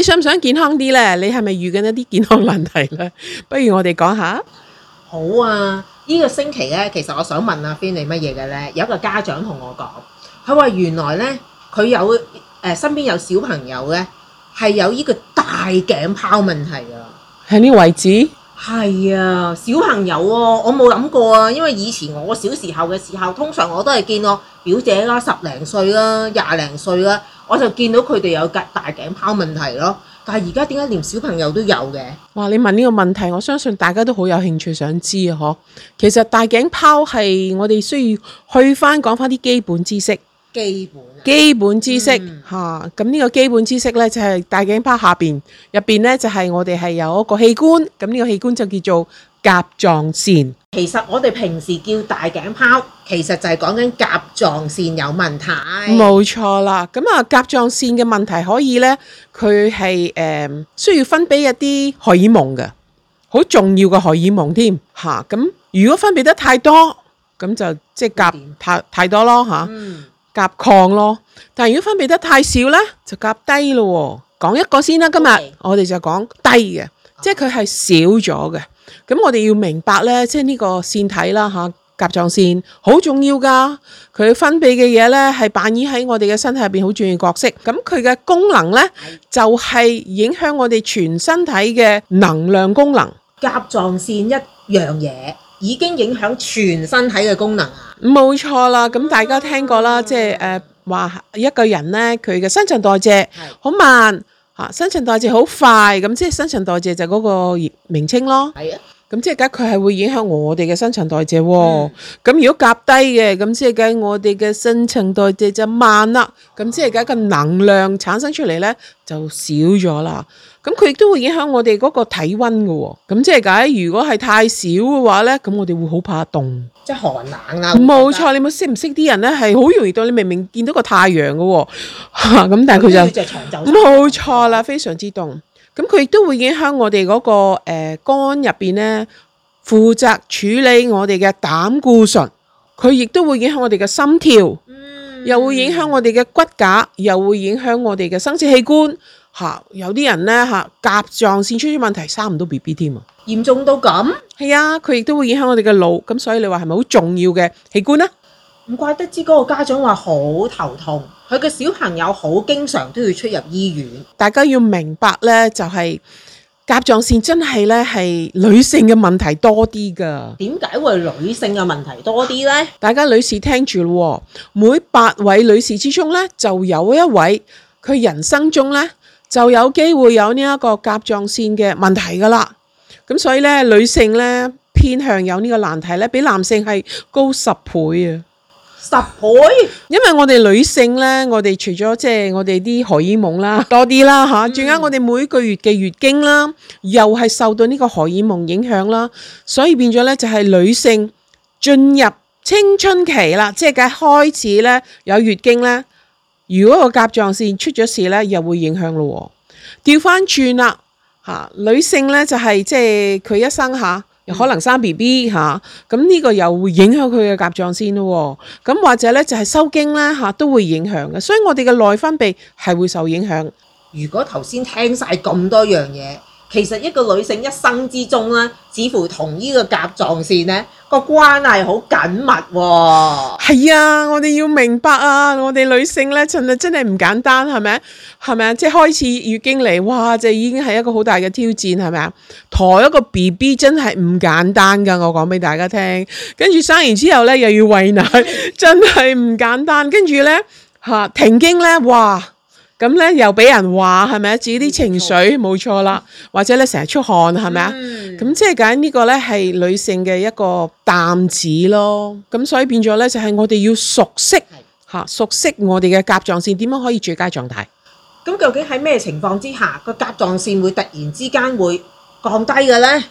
你想唔想健康啲咧？你係咪遇緊一啲健康問題咧？不如我哋講下。好啊，呢個星期咧，其實我想問阿 Afreen，你乜嘢嘅咧？有一個家長同我講，佢話原來咧，佢有誒、呃、身邊有小朋友咧，係有呢個大頸泡問題啊。喺呢位置？係啊，小朋友喎、啊，我冇諗過啊，因為以前我小時候嘅時候，通常我都係見我表姐啦、啊，十零歲啦、啊，廿零歲啦、啊。我就見到佢哋有個大頸泡問題咯，但係而家點解連小朋友都有嘅？哇！你問呢個問題，我相信大家都好有興趣想知啊。嗬，其實大頸泡係我哋需要去翻講翻啲基本知識，基本、啊、基本知識嚇。咁呢、嗯啊、個基本知識呢，就係、是、大頸泡下邊入邊呢，就係、是、我哋係有一個器官，咁呢個器官就叫做甲狀腺。其實我哋平時叫大頸泡，其實就係講緊甲狀腺有問題。冇錯啦，咁啊甲狀腺嘅問題可以呢？佢係誒需要分泌一啲荷爾蒙嘅，好重要嘅荷爾蒙添吓。咁、啊、如果分泌得太多，咁就即係甲、嗯、太太多咯吓，甲亢、嗯、咯。但係如果分泌得太少呢，就甲低咯。講一個先啦、啊，今日 okay. 我哋就講低嘅，即係佢係少咗嘅。咁我哋要明白咧，即係呢個腺體啦，吓甲狀腺好重要噶，佢分泌嘅嘢咧係扮演喺我哋嘅身體入邊好重要角色。咁佢嘅功能咧的就係影響我哋全身體嘅能量功能。甲狀腺一樣嘢已經影響全身體嘅功能。冇錯啦，咁大家聽過啦，嗯、即係誒話一個人咧，佢嘅新陳代謝好的慢。啊，新陳代謝好快，咁即係新陳代謝就嗰個名稱咯。係啊。咁即係，佢係會影響我哋嘅新陳代謝、哦。咁、嗯、如果甲低嘅，咁即係，我哋嘅新陳代謝就慢啦。咁即係，個能量產生出嚟咧就少咗啦。咁佢亦都會影響我哋嗰個體溫嘅、哦。咁即係，如果係太少嘅話咧，咁我哋會好怕凍，即係寒冷啦、啊。冇錯，你冇識唔識啲人咧？係好容易到你明明見到個太陽嘅、哦，咁 但係佢就冇錯啦，非常之凍。咁佢亦都會影響我哋嗰、嗰個、呃、肝入邊呢負責處理我哋嘅膽固醇，佢亦都會影響我哋嘅心跳，嗯、又會影響我哋嘅骨架，又會影響我哋嘅生殖器官。吓、啊，有啲人呢，吓、啊、甲狀腺出現問題生唔到 B B 添啊，嚴重到咁？係啊，佢亦都會影響我哋嘅腦，咁所以你話係咪好重要嘅器官呢？唔怪得知嗰個家長話好頭痛，佢嘅小朋友好經常都要出入醫院。大家要明白呢，就係甲狀腺真係呢，係女性嘅問題多啲噶。點解會女性嘅問題多啲呢？大家女士聽住，每八位女士之中呢，就有一位佢人生中呢，就有機會有呢一個甲狀腺嘅問題噶啦。咁所以呢，女性呢，偏向有呢個難題呢，比男性係高十倍啊！十倍，因為我哋女性咧，我哋除咗即係我哋啲荷爾蒙啦多啲啦吓，最緊、嗯、我哋每個月嘅月經啦，又係受到呢個荷爾蒙影響啦，所以變咗咧，就係女性進入青春期啦，即係梗係開始咧，有月經咧，如果個甲狀腺出咗事咧，又會影響咯，調翻轉啦吓，女性咧，就係即係佢一生吓。可能生 B B 嚇，咁、啊、呢、呢個又會影響佢嘅甲狀腺咯。咁、啊、或者呢，就係收經呢，嚇、啊，都會影響嘅。所以我哋嘅內分泌係會受影響。如果頭先聽晒咁多樣嘢。其實一個女性一生之中咧，似乎同呢個甲狀腺咧個關係好緊密喎、哦。係啊，我哋要明白啊，我哋女性咧真係真係唔簡單，係咪？係咪啊？即係開始月經嚟，哇！即係已經係一個好大嘅挑戰，係咪啊？抬一個 B B 真係唔簡單㗎，我講俾大家聽。跟住生完之後咧，又要餵奶，真係唔簡單。跟住咧，嚇停經咧，哇！咁咧又俾人話係咪自己啲情緒冇錯啦，或者你成日出汗係咪啊？咁、嗯、即係講呢個咧係女性嘅一個擔子咯。咁所以變咗咧就係我哋要熟悉吓，的熟悉我哋嘅甲狀腺點樣可以最佳狀態。咁究竟喺咩情況之下個甲狀腺會突然之間會降低嘅咧？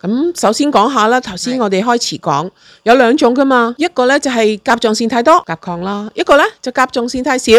咁首先講下啦，頭先我哋開始講的有兩種噶嘛，一個咧就係甲狀腺太多甲亢啦，一個咧就甲狀腺太少。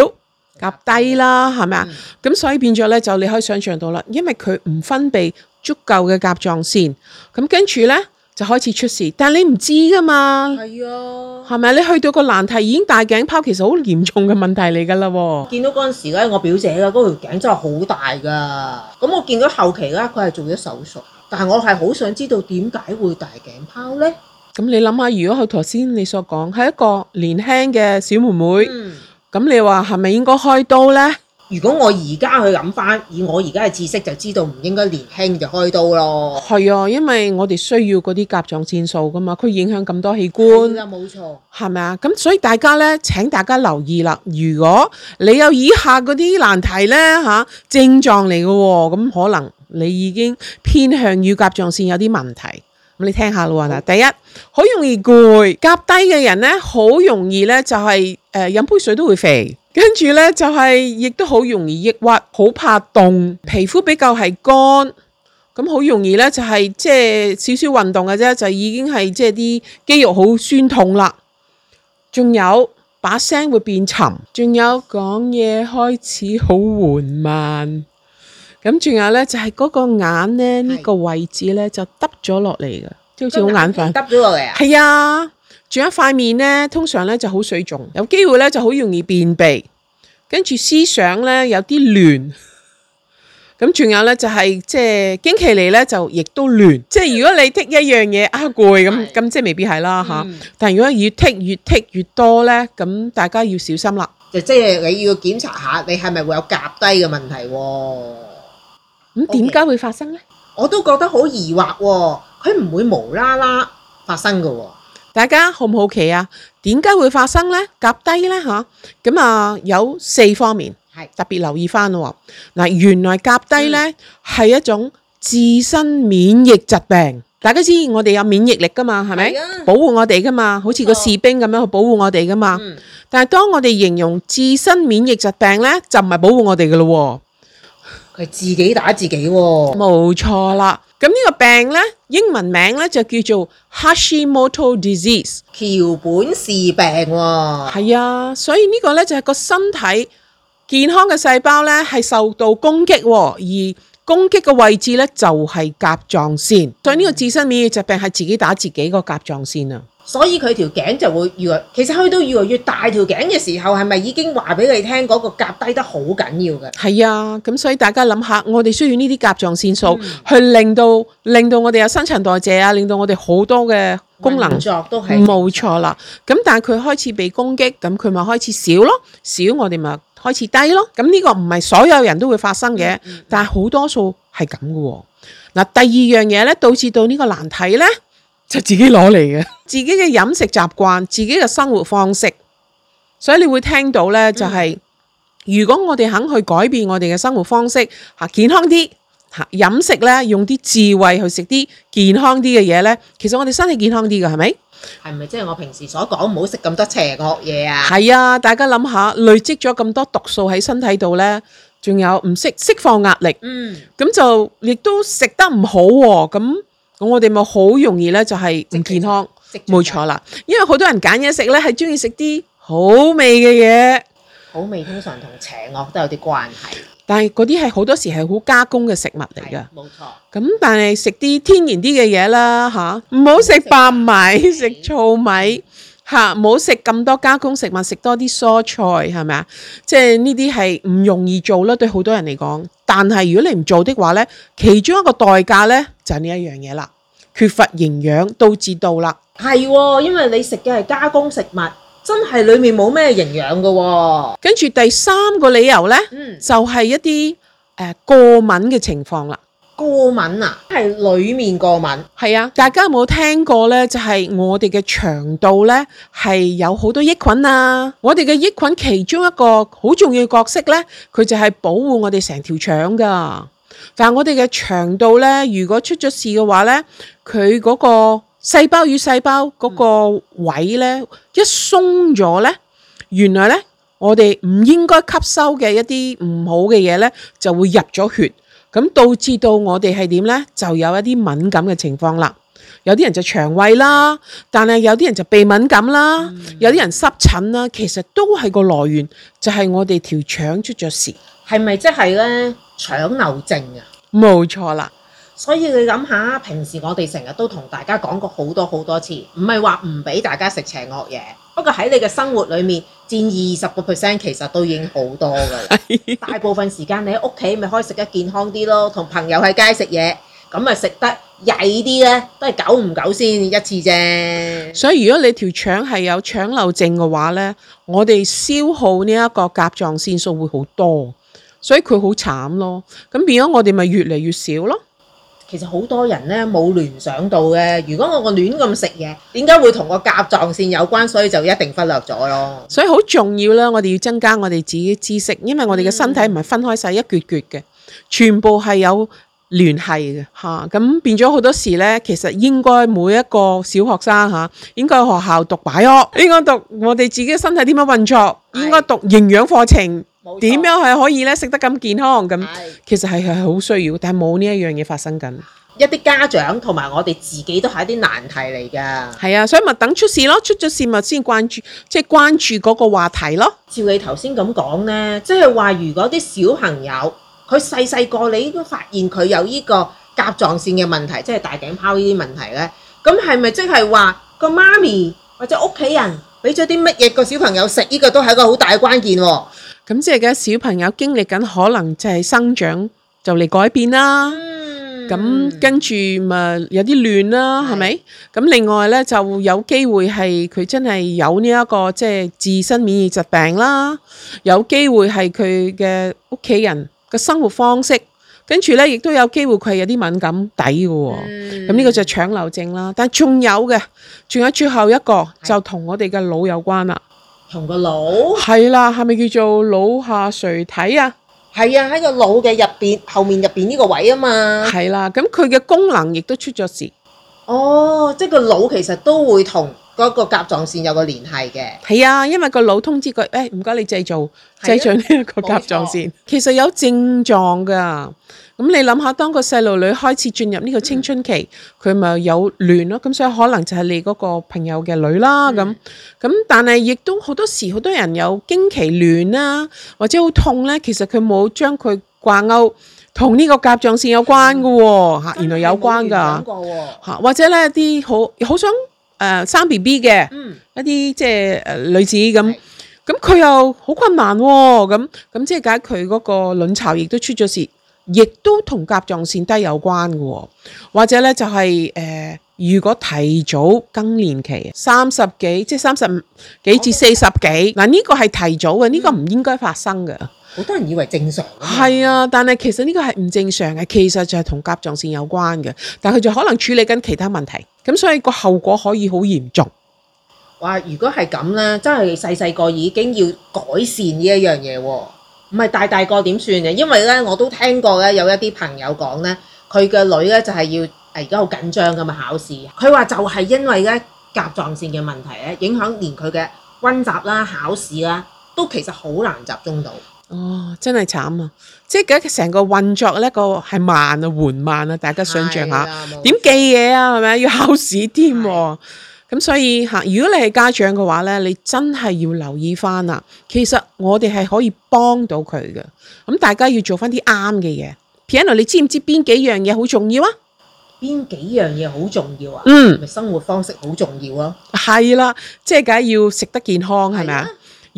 甲低啦，係咪啊？咁、嗯、所以變咗咧，就你可以想象到啦，因為佢唔分泌足夠嘅甲狀腺，咁跟住咧就開始出事。但係你唔知噶嘛，係啊，係咪？你去到個難題已經大頸泡，其實好嚴重嘅問題嚟噶啦。見到嗰陣時咧，我表姐嘅嗰條頸真係好大噶。咁我見到後期咧，佢係做咗手術，但係我係好想知道點解會大頸泡咧？咁你諗下，如果佢頭先你所講係一個年輕嘅小妹妹。嗯咁你話係咪應該開刀呢？如果我而家去諗翻，以我而家嘅知識就知道唔應該年輕就開刀咯。係啊，因為我哋需要嗰啲甲狀腺素噶嘛，佢影響咁多器官。冇、啊、錯，係咪啊？咁所以大家呢，請大家留意啦。如果你有以下嗰啲難題呢，吓、啊、症狀嚟嘅，咁可能你已經偏向於甲狀腺有啲問題。咁你聽下咯，嗱，第一，好容易攰，甲低嘅人咧，好容易咧就係誒飲杯水都會肥，跟住咧就係、是、亦都好容易抑鬱，好怕凍，皮膚比較係乾，咁好容易咧就係即係少少運動嘅啫，就已經係即係啲肌肉好酸痛啦，仲有把聲會變沉，仲有講嘢開始好緩慢。咁仲有咧，就係嗰個眼咧，呢個位置咧就耷咗落嚟，即好似好眼瞓，耷咗落嚟啊！係啊，仲有一塊面咧，通常咧就好水腫，有機會咧就好容易便秘，跟住思想咧有啲亂。咁仲有咧就係是的 即係，經期嚟咧就亦都亂。即係如果你剔一樣嘢啊，攰咁，咁即係未必係啦吓。是的 啊、但係如果越剔越剔越多咧，咁大家要小心啦。嗯、就即係你要檢查下，你係咪會有甲低嘅問題？咁點解會發生呢？Okay. 我都覺得好疑惑、哦，佢唔會無啦啦發生噶、哦。大家好唔好奇啊？點解會發生呢？甲低呢？吓、啊，咁啊有四方面係是特別留意翻咯。嗱，原來甲低呢，係是一種自身免疫疾病。大家知我哋有免疫力噶嘛？係咪？啊、保護我哋噶嘛？好似個士兵咁樣去保護我哋噶嘛？嗯、但係當我哋形容自身免疫疾病呢，就唔係保護我哋噶咯。佢自己打自己喎、哦，冇錯啦。咁呢個病呢，英文名呢就叫做 Hashimoto disease，橋本氏病喎、哦。係啊，所以呢個呢就係、是、個身體健康嘅細胞呢係受到攻擊、哦、而。攻擊嘅位置呢，就係甲狀腺，所以呢個自身免疫疾病係自己打自己個甲狀腺啊。所以佢條頸就會越，其實去到越嚟越大條頸嘅時候，係咪已經話俾你聽嗰個甲低得好緊要嘅？係啊，咁所以大家諗下，我哋需要呢啲甲狀腺素、嗯、去令到令到我哋有新陳代謝啊，令到我哋好多嘅功能作都係，冇錯啦。咁但係佢開始被攻擊，咁佢咪開始少咯？少我哋咪，開始低咯，咁呢個唔係所有人都會發生嘅，但係好多數係咁嘅。嗱、嗯，第二樣嘢咧導致到呢個難題咧， 就自己攞嚟嘅，自己嘅飲食習慣，自己嘅生活方式，所以你會聽到咧就係、是，嗯、如果我哋肯去改變我哋嘅生活方式，吓健康啲，吓飲食咧用啲智慧去食啲健康啲嘅嘢咧，其實我哋身體健康啲嘅係咪？係咪即係我平時所講唔好食咁多邪惡嘢啊？係啊，大家諗下累積咗咁多毒素喺身體度呢，仲有唔識釋放壓力，咁就亦都食得唔好喎。咁咁我哋咪好容易呢就係唔健康，冇錯啦。因為好多人揀嘢食呢係中意食啲好味嘅嘢，好味通常同邪惡都有啲關係。但係嗰啲係好多時係好加工嘅食物嚟嘅。冇錯，咁但係食啲天然啲嘅嘢啦，吓唔好食白米食糙米，吓唔好食咁多加工食物，食多啲蔬菜係咪啊？即係呢啲係唔容易做啦，對好多人嚟講。但係如果你唔做的話呢，其中一個代價呢，就係呢一樣嘢啦，缺乏營養，導致到啦，係，因為你食嘅係加工食物。真係裏面冇咩營養噶，跟住第三個理由呢，嗯、就係一啲誒、呃、過敏嘅情況啦。過敏啊，係裏面過敏。係啊，大家有冇聽過呢？就係、是、我哋嘅腸道呢，係有好多益菌啊。我哋嘅益菌其中一個好重要角色呢，佢就係保護我哋成條腸噶。但係我哋嘅腸道呢，如果出咗事嘅話呢，佢嗰、嗰個。細胞與細胞嗰個位咧，嗯、一鬆咗咧，原來咧我哋唔應該吸收嘅一啲唔好嘅嘢咧就會入咗血，咁導致到我哋係點咧就有一啲敏感嘅情況啦。有啲人就腸胃啦，但係有啲人就鼻敏感啦，嗯、有啲人濕疹啦，其實都係個來源就係、是、我哋條腸出咗事。係咪即係咧腸漏症啊？冇錯啦。所以你諗下，平時我哋成日都同大家講過好多好多次，唔係話唔俾大家食邪惡嘢。不過喺你嘅生活裡面，佔二十個 percent 其實都已經好多㗎喇。 大部分時間你喺屋企咪可以食得健康啲咯，同朋友喺街食嘢咁咪食得曳啲咧，都係久唔久先一次啫。所以如果你條腸係有腸漏症嘅話咧，我哋消耗呢一個甲狀腺素會好多，所以佢好慘咯。咁變咗我哋咪越嚟越少咯。其實好多人咧冇聯想到嘅，如果我個亂咁食嘢，點解會同個甲狀腺有關？所以就一定忽略咗咯。所以好重要啦，我哋要增加我哋自己知識，因為我哋嘅身體唔係分開晒一橛橛嘅，全部係有聯繫嘅嚇。咁、啊、變咗好多時咧，其實應該每一個小學生嚇、啊、應該學校讀擺屋，應該讀我哋自己身體點樣運作，的應該讀營養課程。點樣係可以咧食得咁健康咁？其實係係好需要，但係冇呢一樣嘢發生緊。一啲家長同埋我哋自己都係一啲難題嚟㗎。係啊，所以咪等出事咯，出咗事咪先關注，即係關注嗰個話題咯。照你頭先咁講呢，即係話如果啲小朋友佢細細個你都發現佢有呢個甲狀腺嘅問題，即係大頸泡呢啲問題呢。咁係咪即係話個媽咪或者屋企人？俾咗啲乜嘢個小朋友食？呢個都係一個好大嘅關鍵。咁即係嘅小朋友經歷緊，可能就係生長就嚟改變啦。咁、嗯、跟住咪有啲亂啦，係咪是？咁另外咧，就有機會係佢真係有呢、這、一個即係、就是、自身免疫疾病啦。有機會係佢嘅屋企人嘅生活方式。跟住咧，亦都有機會佢有啲敏感底嘅、哦，咁呢、嗯、個就腸漏症啦。但仲有嘅，仲有最後一個、啊、就同我哋嘅腦有關啦。同個腦係啦，係咪、啊、叫做腦下垂體啊？係啊，喺個腦嘅入邊，後面入邊呢個位啊嘛。係啦、啊，咁佢嘅功能亦都出咗事。哦，即係個腦其實都會同，嗰個甲狀腺有個聯繫嘅，係啊，因為個腦通知佢，誒唔該你製造、啊、製造呢個甲狀腺。錯其實有症狀噶，咁你諗下，當個細路女開始進入呢個青春期，佢咪、嗯、有亂咯，咁所以可能就係你嗰個朋友嘅女啦。咁咁、嗯，但係亦都好多時，好多人有經期亂啦，或者好痛咧，其實佢冇將佢掛鈎同呢個甲狀腺有關噶喎、嗯、原來有關噶嚇，嗯嗯、或者咧啲好好想。誒、呃、生 B B 嘅一啲即係誒女子咁，咁佢的又好困難喎、啊，咁咁即係解佢嗰個卵巢亦都出咗事，亦都同甲狀腺低有關嘅、啊，或者咧就係、是、誒、呃、如果提早更年期，三十幾即係三十幾至四十幾，嗱呢 Okay. 個係提早嘅，呢、這個唔應該發生嘅。嗯好多人以為正常咯，係啊，但係其實呢個係唔正常嘅，其實就係同甲狀腺有關嘅，但係佢就可能處理緊其他問題，咁所以個後果可以好嚴重。哇！如果係咁呢，真係細細個已經要改善呢一樣嘢，唔係大大個點算嘅？因為呢我都聽過咧，有一啲朋友講呢，佢嘅女呢就係要而家好緊張咁啊，考試。佢話就係因為呢甲狀腺嘅問題咧，影響連佢嘅溫習啦、考試啦，都其實好難集中到。哦，真係慘啊！即係而家成個運作呢個係慢啊，緩慢啊，大家想象下點記嘢啊，係咪要考試添啊？咁所以吓，如果你係家長嘅話呢，你真係要留意翻啦。其實我哋係可以幫到佢嘅。咁大家要做翻啲啱嘅嘢。Piano，你知唔知邊幾樣嘢好重要啊？邊幾樣嘢好重要啊？嗯，生活方式好重要啊。係啦，即係梗係要食得健康係咪啊？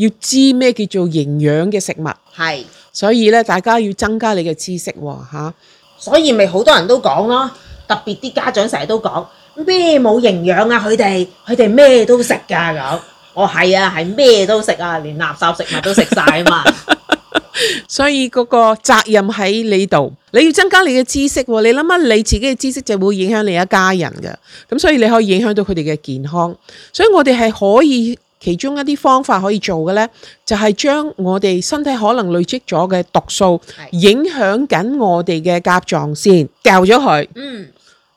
要知咩叫做營養嘅食物，係，所以咧，大家要增加你嘅知識喎，吓、啊，所以咪好多人都講咯，特別啲家長成日都講咩冇營養啊，佢哋佢哋咩都食噶咁，我係啊，係，哦，咩都食啊，連垃圾食物都食晒啊嘛， 所以嗰個責任喺你度，你要增加你嘅知識，你諗下你自己嘅知識就會影響你一家人噶，咁所以你可以影響到佢哋嘅健康，所以我哋係可以。其中一啲方法可以做嘅呢，就係將我哋身體可能累積咗嘅毒素影響緊我哋嘅甲狀腺，掉咗佢。嗯。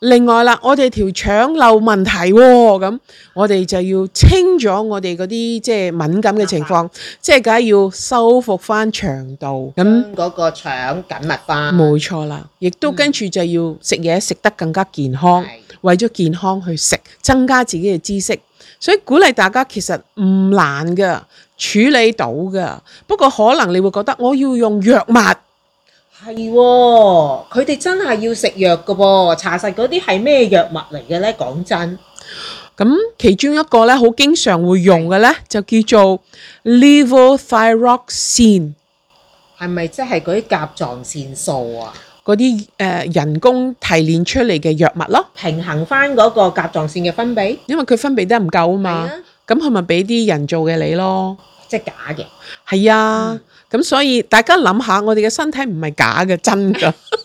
另外啦，我哋條腸漏問題，咁我哋就要清咗我哋嗰啲即係敏感嘅情況，即係梗係要修復翻腸道。咁嗰個腸緊密翻。冇錯啦，亦都跟住就要食嘢食得更加健康。為咗健康去食，增加自己嘅知識，所以鼓勵大家其實唔難噶，處理到噶。不過可能你會覺得我要用藥物，係、哦，佢哋真係要食藥噶噃。查實嗰啲係咩藥物嚟嘅呢？講真，咁、嗯、其中一個呢，好經常會用嘅呢，是就叫做 Levothyroxine，係咪即係嗰啲甲狀腺素啊？嗰啲誒人工提煉出嚟嘅藥物咯，平衡翻嗰個甲狀腺嘅分泌，因為佢分泌得唔夠啊嘛，咁佢咪俾啲人造嘅你咯，即係假嘅，係啊，咁、嗯、所以大家諗下，我哋嘅身體唔係假嘅，真㗎。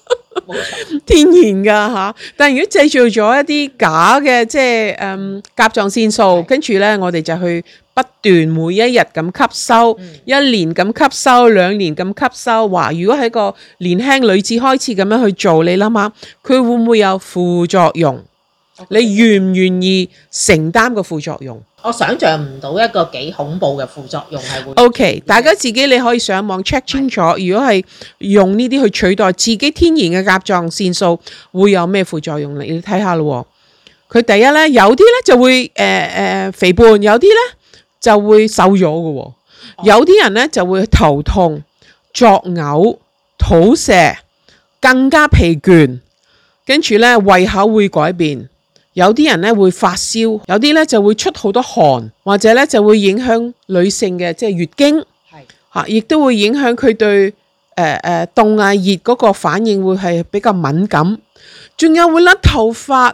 天然噶吓、啊，但係如果製造咗一啲假嘅，即係甲狀腺素，的跟住呢，我哋就去不斷每一日咁吸收，嗯、一年咁吸收，兩年咁吸收。話、啊、如果係個年輕女子開始咁樣去做，你諗下，佢會唔會有副作用？Okay. 你願唔願意承擔個副作用？我想象唔到一個幾恐怖嘅副作用係會。OK，大家自己你可以上網 check 清楚，如果係用呢啲去取代自己天然嘅甲狀腺素，會有咩副作用？你睇下咯。佢第一咧，有啲咧就會誒誒、呃呃、肥胖，有啲咧就會瘦咗嘅喎。Oh. 有啲人咧就會頭痛、作嘔、肚瀉，更加疲倦，跟住咧胃口會改變。有啲人咧會發燒，有啲咧就會出好多汗，或者咧就會影響女性嘅即係月經，係吓是，亦、啊、都會影響佢對誒誒、呃呃、凍啊熱嗰個反應會係比較敏感，仲有會甩頭髮，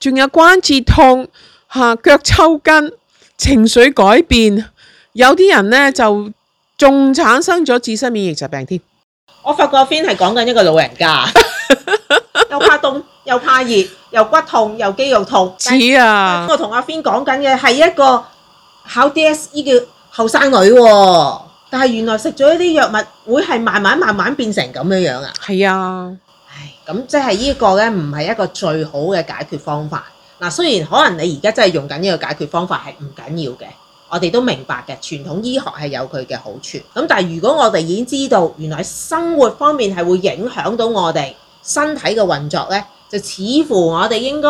仲有關節痛吓、啊，腳抽筋，情緒改變，有啲人咧就仲產生咗自身免疫疾病添。我發覺 Fin 係講緊一個老人家， 又怕凍又怕熱。又骨痛又肌肉痛，似像啊，啊！我同阿 Fin 講緊嘅係一個考 DSE 嘅後生女，啊，但係原來食咗一啲藥物會係慢慢慢慢變成咁樣樣啊！係是啊，唉、咁、嗯、即係呢個呢唔係一個最好嘅解決方法。嗱，雖然可能你而家真係用緊呢個解決方法係唔緊要嘅，我哋都明白嘅。傳統醫學係有佢嘅好處，咁但係如果我哋已經知道原來生活方面係會影響到我哋身體嘅運作呢。就似乎我哋應該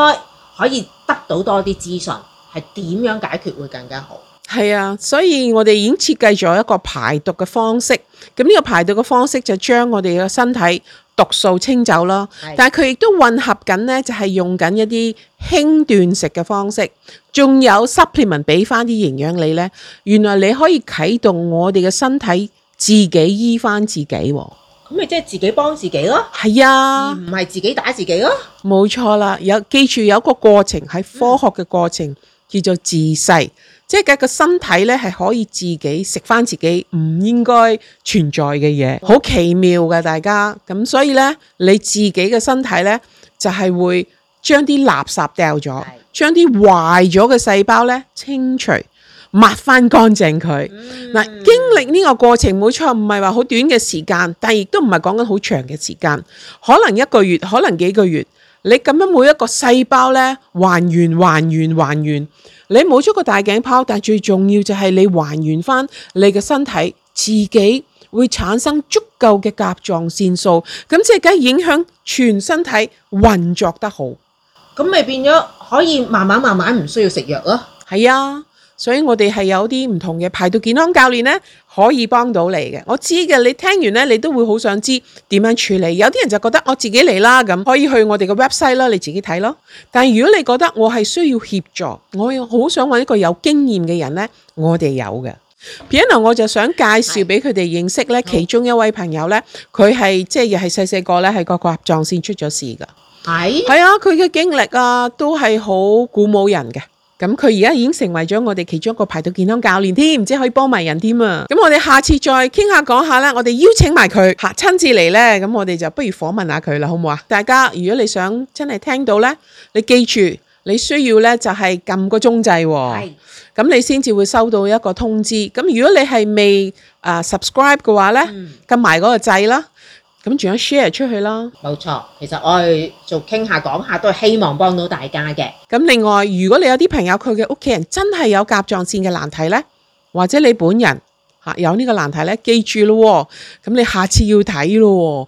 可以得到多啲資訊，係點樣解決會更加好？係啊，所以我哋已經設計咗一個排毒嘅方式。咁呢個排毒嘅方式就將我哋嘅身體毒素清走咯。的但係佢亦都混合緊呢，就係、是、用緊一啲輕斷食嘅方式，仲有 supplement 俾翻啲營養你營養呢，原來你可以啟動我哋嘅身體自己醫翻自己喎。咁咪即係自己幫自己咯，係啊，唔係自己打自己咯，冇錯啦。有記住，有一個過程係科學嘅過程、嗯、叫做自噬，即係個個身體咧係可以自己食翻自己唔應該存在嘅嘢，好、嗯、奇妙嘅，大家。咁所以咧你自己嘅身體咧就係會將啲垃圾掉咗，是將啲壞咗嘅細胞咧清除。抹翻乾淨佢嗱，嗯、經歷呢個過程冇錯，唔係話好短嘅時間，但係亦都唔係講緊好長嘅時間，可能一個月，可能幾個月，你咁樣每一個細胞咧還原、還原、還原，你冇咗個大頸泡，但係最重要就係你還原翻你嘅身體，自己會產生足夠嘅甲狀腺素，咁即係梗影響全身體運作得好，咁咪變咗可以慢慢慢慢唔需要食藥咯，係啊。所以我哋係有啲唔同嘅排毒健康教練呢可以幫到你嘅。我知嘅，你聽完呢，你都會好想知點樣處理。有啲人就覺得我自己嚟啦，咁可以去我哋嘅 website 啦，你自己睇咯。但係如果你覺得我係需要協助，我又好想揾一個有經驗嘅人呢，我哋有嘅。Piano，我就想介紹俾佢哋認識呢其中一位朋友呢，佢係即係又係細細個咧，係個甲狀腺出咗事㗎。係係、哎、啊，佢嘅經歷啊，都係好鼓舞人嘅。咁佢而家已經成為咗我哋其中一個排毒健康教練添，唔知可以幫埋人添啊！咁我哋下次再傾下講下啦。我哋邀請埋佢吓親自嚟呢，咁我哋就不如訪問下佢啦，好唔好啊？大家如果你想真係聽到呢，你記住你需要呢，就係撳個鐘掣，係咁你先至會收到一個通知。咁如果你係未啊 subscribe 嘅話呢，撳埋嗰個掣啦。咁仲有 share 出去啦，冇錯。其實我去做傾下講下，都係希望幫到大家嘅。咁另外，如果你有啲朋友，佢嘅屋企人真係有甲狀腺嘅難題咧，或者你本人有呢個難題咧，記住咯喎，咁你下次要睇咯喎。